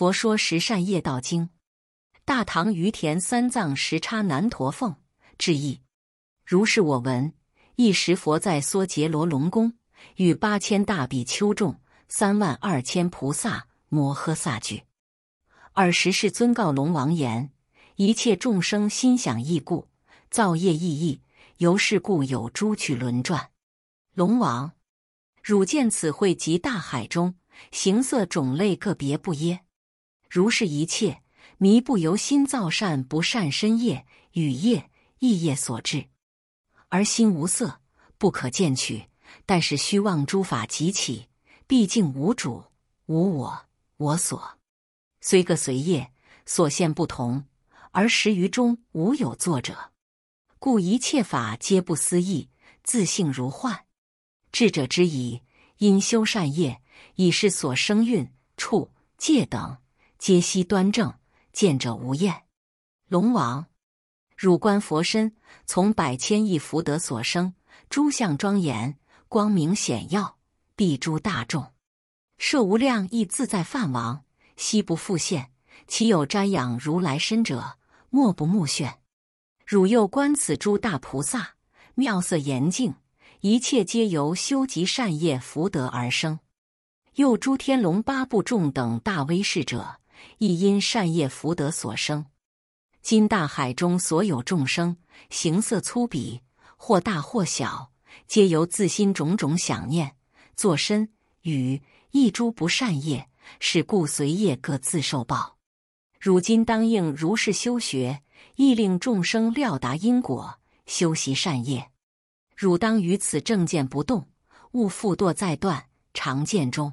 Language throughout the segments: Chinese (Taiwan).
佛說十善業道經，大唐於闐三藏實叉難陀奉制譯。如是我聞：一時，佛在娑竭羅龍宮，與八千大比丘眾、三萬二千菩薩摩訶薩俱。爾時，世尊告龍王言：一切眾生心想異故，造業亦異，由是故有諸趣輪轉。龍王，汝見此會及大海中形色種類，各別不耶？如是一切，靡不由心造，善不善身業、語業、意業所致；而心無色，不可見取。但是虛妄諸法集起，畢竟無主、無我、我所。雖各隨業所現不同，而實於中無有作者。故一切法皆不思議，自性如幻。智者知已，應修善業，以是所生蘊、處、界等。皆悉端正，見者無厭。龍王，汝觀佛身，從百千億福德所生，諸相莊嚴，光明顯曜，蔽諸大眾，設無量億自在梵王，悉不復現。其有瞻仰如來身者，莫不目眩！汝又觀此諸大菩薩妙色嚴淨，一切皆由修集善業福德而生。又諸天龍八部眾等大威勢者。亦因善業福德所生。今大海中所有眾生，形色粗鄙，或大或小，皆由自心種種想念，作身語意諸不善業，是故隨業各自受報。汝今當應如是修學，亦令眾生了達因果，修習善業。汝當於此正見不動，勿復墮在斷常見中。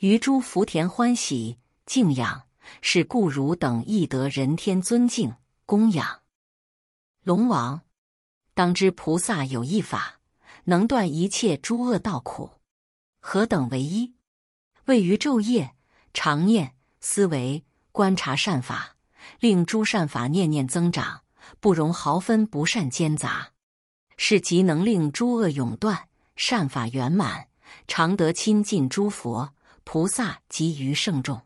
於諸福田歡喜。敬養，是故汝等亦得人天尊敬、供養。龍王，當知菩薩有一法，能斷一切諸惡道苦，何等為一？謂於晝夜常念思惟觀察善法，令諸善法念念增長，不容毫分不善間雜，是即能令諸惡永斷，善法圓滿，常得親近諸佛菩薩及餘聖眾。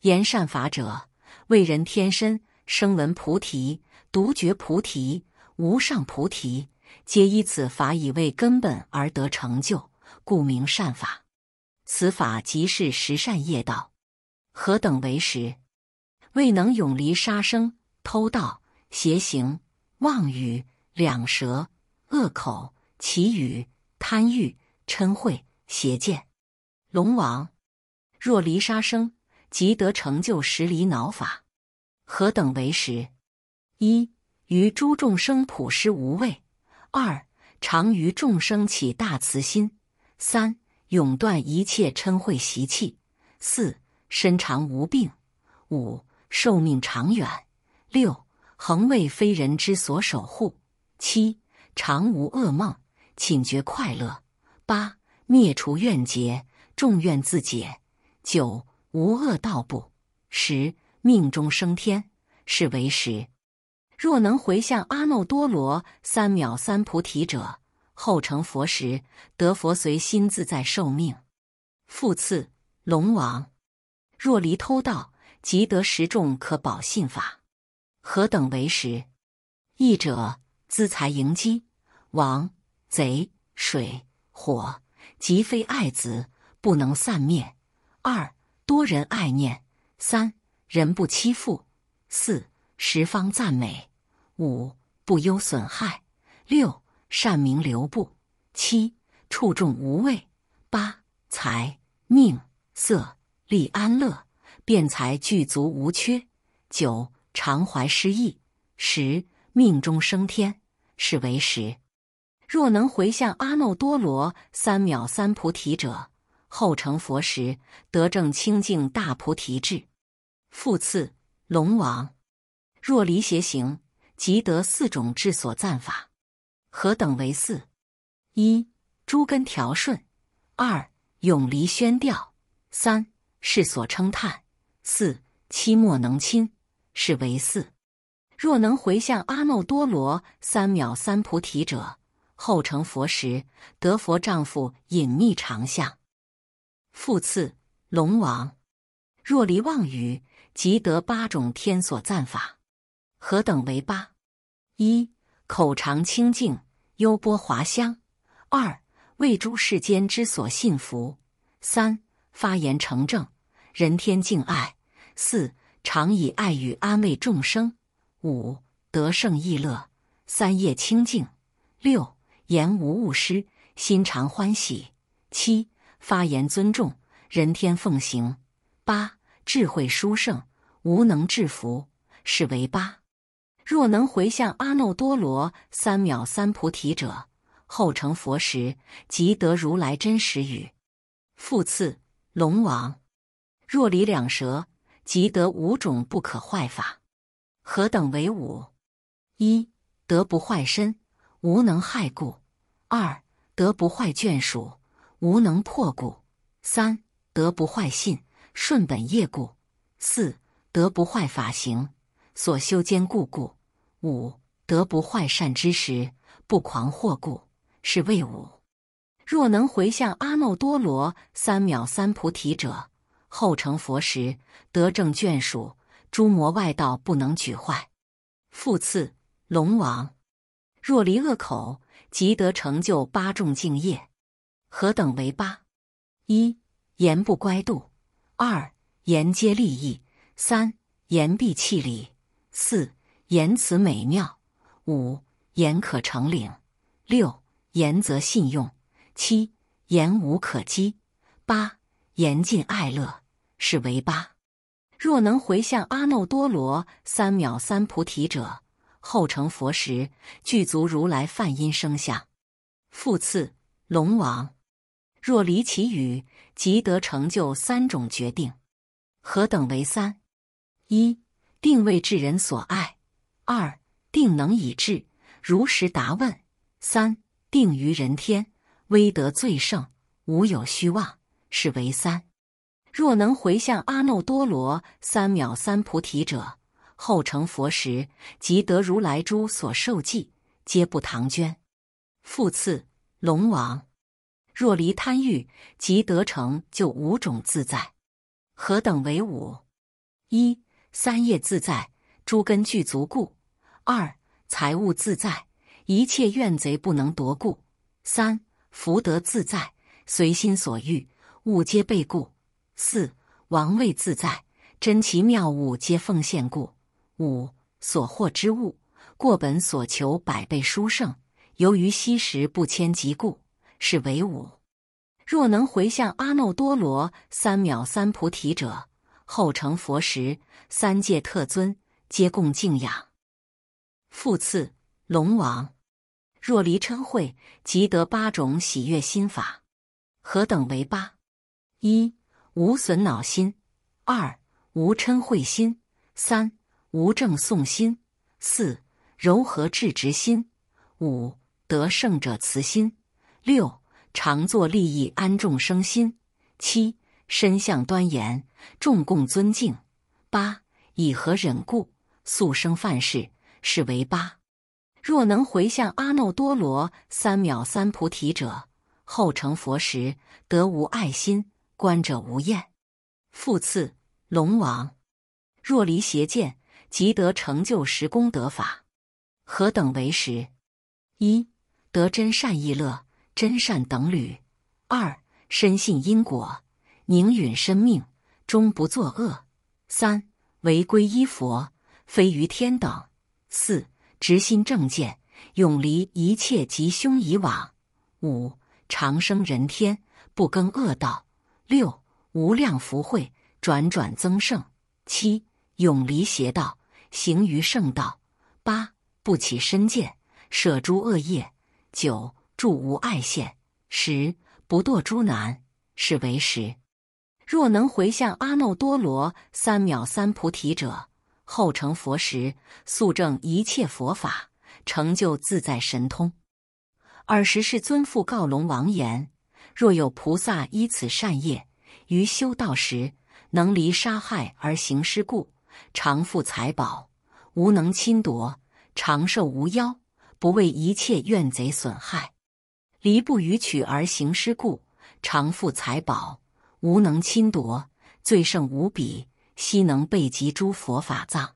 言善法者，謂人天身，聲聞菩提，獨覺菩提，無上菩提，皆依此法以為根本而得成就，故名善法。此法即是十善業道。何等為十？謂能永離殺生、偷盜、邪行、妄語、兩舌、惡口、綺語、貪欲、瞋恚、邪見。龍王，若離殺生，即得成就十離惱法，何等為十？一、於諸眾生普施無畏；二、常於眾生起大慈心；三、永斷一切嗔恚習氣；四、身常無病；五、壽命長遠；六、恆為非人之所守護；七、常無惡夢，寢覺快樂；八、滅除怨結，眾怨自解；九。無惡道怖十、命終生天，是為十。若能回向阿耨多羅三藐三菩提者，後成佛時，得佛隨心自在壽命。復次，龍王，若離偷盜，即得十種可保信法。何等為十？一者、資財盈積，王賊、水、火，及非愛子，不能散滅。二。多人愛念，三人不欺負，四十方讚美，五不憂損害，六善名流佈，七處眾無畏，八財命色力安樂，辯才具足無缺，九常懷施意，十命終生天，是為十。若能迴向阿耨多羅三藐三菩提者。後成佛時，得證清淨大菩提智。復次，龍王，若離邪行，即得四種智所讚法。何等為四？一、諸根調順；二、永離諠掉；三、世所稱嘆；四、妻莫能侵，是為四。若能迴向阿耨多羅三藐三菩提者，後成佛時，得佛丈夫隱密藏相。復次，龍王，若離妄語，即得八種天所讚法。何等為八？一、口常清淨，優缽華香；二、為諸世間之所信伏；三、發言成證，人天敬愛；四、常以愛語安慰眾生；五、得勝意樂，三業清淨；六、言無誤失，心常歡喜；七。發言尊重，人天奉行。八、智慧殊勝，無能制伏，是為八。若能迴向阿耨多羅三藐三菩提者，後成佛時，即得如來真實語。復次，龍王，若離兩舌，即得五種不可壞法。何等為五？一、得不壞身，無能害故；二、得不壞眷屬。無能破故，三、得不壞信，順本業故；四、得不壞法行，所修堅固故；五、得不壞善知識，不誑惑故，是為五。若能迴向阿耨多羅三藐三菩提者，後成佛時，得正眷屬，諸魔外道不能沮壞。複次，龍王，若離惡口，即得成就八種淨業。何等為八？一言不乖度；二言皆利益；三言必契理。四言辭美妙；五言可承領；六言則信用；七言無可譏；八言盡愛樂，是為八。若能回向阿耨多羅三藐三菩提者，後成佛時，具足如來梵音聲相。復次，龍王。若離綺語，即得成就三種決定。何等為三？一、定為智人所愛；二、定能以智，如實答問；三、定於人天，威德最勝，無有虛妄，是為三。若能回向阿耨多羅三藐三菩提者，後成佛時，即得如來諸所授記，皆不唐捐。復次，龍王。若離貪慾，即得成就五種自在。何等為五？一、三業自在，諸根具足故；二、財物自在，一切怨賊不能奪故；三、福德自在，隨心所欲，物皆備故；四、王位自在，珍奇妙物皆奉獻故；五、所獲之物，過本所求百倍殊勝，由於昔時不慳嫉故。是為五，若能迴向阿耨多羅三藐三菩提者，後成佛時，三界特尊，皆共敬仰。復次，龍王，若離瞋恚，即得八種喜悅心法。何等為八？一無損惱心，二無嗔恚心，三無諍訟心，四柔和質直心，五得聖者慈心。六常作利益安眾生心，七身相端嚴，眾共尊敬。八以和忍故速生梵世，是為八。若能回向阿耨多羅三藐三菩提者，後成佛時得無礙心，觀者無厭。復次，龍王，若離邪見，即得成就十功德法。何等為十？一得真善意樂。真善等侶，二深信因果，寧殞身命，終不作惡；三唯歸依佛，非餘天等；四直心正見，永離一切吉凶疑網；五常生人天，不更惡道；六無量福慧，轉轉增勝；七永離邪道，行於聖道；八不起身見，舍諸惡業；九。住無礙見，十不墮諸難，是為十。若能回向阿耨多羅三藐三菩提者，後成佛時，速證一切佛法，成就自在神通。爾時世尊復告龍王言：若有菩薩依此善業，於修道時能離殺害而行施故，常富財寶，無能侵奪，長壽無夭，不為一切怨賊損害。離不與取而行失故，常富財寶，無能侵奪，最勝無比，悉能備集諸佛法藏。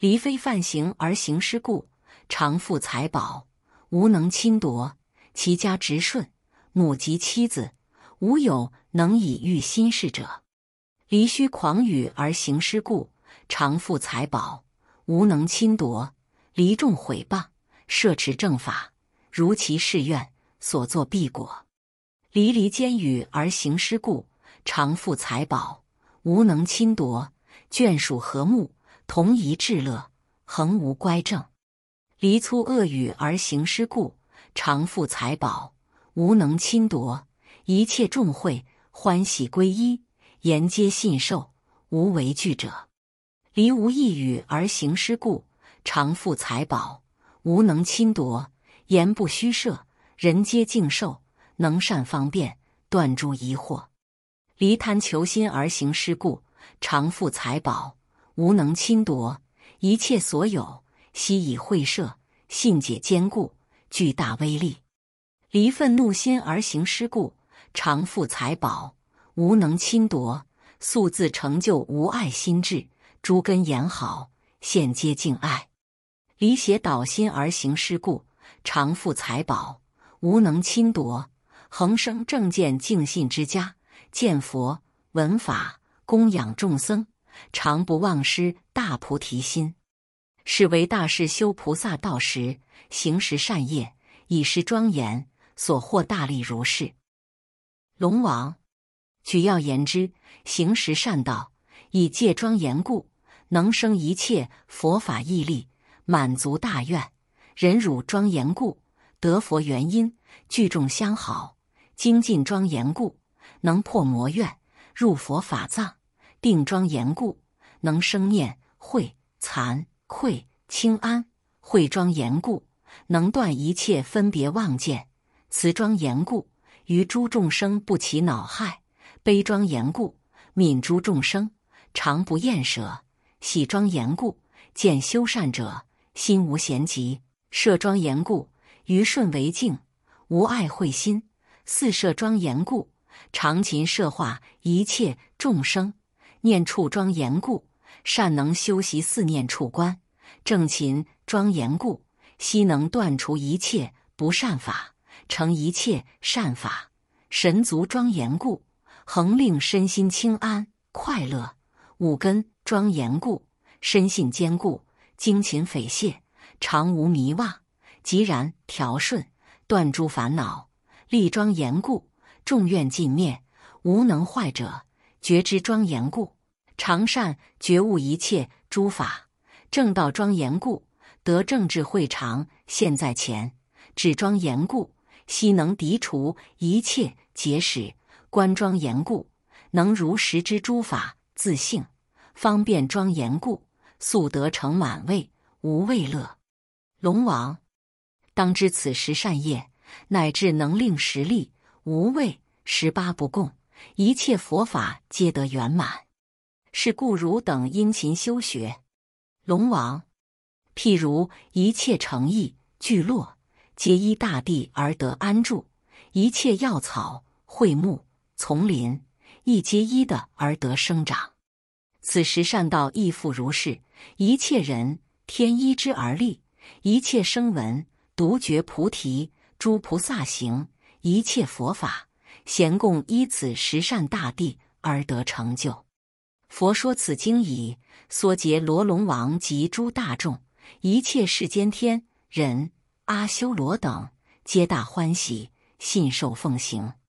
離非梵行而行施故，常富財寶，無能侵奪，其家貞順，母及妻子，無有能以欲心視者。離虛誑語而行施故，常富財寶，無能侵奪。離眾毀謗，攝持正法，如其誓願。所作必果，離離間語而行施故，常富財寶，無能侵奪；眷屬和睦，同一志樂，恆無乖諍。離粗惡語而行施故，常富財寶，無能侵奪；一切眾會歡喜歸依，言皆信受，無違拒者。離無義語而行施故，常富財寶，無能侵奪；言不虛設。人皆敬受，能善方便斷諸疑惑。離貪求心而行施故，常富財寶，無能侵奪一切所有，悉以惠捨，信解堅固，具大威力。離憤怒心而行施故，常富財寶，無能侵奪。速自成就無礙心智，諸根嚴好，現皆敬愛。離邪倒心而行施故，常富財寶。無能侵奪，恆生正見淨信之家，見佛聞法，供養眾僧，常不忘失大菩提心，是為大士修菩薩道時行十善業，以是莊嚴所獲大利如是。龍王，舉要言之，行十善道，以戒莊嚴故，能生一切佛法義利，滿足大願，忍辱莊嚴故。得佛原因，聚眾相好，精進莊嚴故，能破魔怨；入佛法藏，定莊嚴故，能生念慧慚愧清安；慧莊嚴故，能斷一切分別妄見；慈莊嚴故，於諸眾生不起惱害；悲莊嚴故，愍諸眾生常不厭舍；喜莊嚴故，見修善者心無嫌嫉，捨莊嚴故。於順違境，無愛恚心，四攝莊嚴故，常勤攝化一切眾生；念處莊嚴故，善能修習四念處觀；正勤莊嚴故，悉能斷除一切不善法，成一切善法；神足莊嚴故，恆令身心輕安快樂；五根莊嚴故，深信堅固，精勤匪懈，常無迷妄。寂然調順，斷諸煩惱，力莊嚴故，眾怨盡滅，無能壞者。覺支莊嚴故，常善覺悟一切諸法。正道莊嚴故，得正智慧常現在前。止莊嚴故，悉能滌除一切結使。觀莊嚴故，能如實知諸法自性。方便莊嚴故，速得成滿為、無為樂。龍王。當知此十善業，乃至能令十力、無畏、十八不共一切佛法皆得圓滿。是故汝等殷勤修學。龍王，譬如一切城邑聚落，皆依大地而得安住；一切藥草、卉木、叢林，亦皆依地而得生長。此十善道亦復如是。一切人天依之而立；一切聲聞。獨覺菩提，諸菩薩行，一切佛法，咸共依此十善大地而得成就。佛說此經已，娑竭羅龍王及諸大眾，一切世間天人、阿修羅等，皆大歡喜，信受奉行。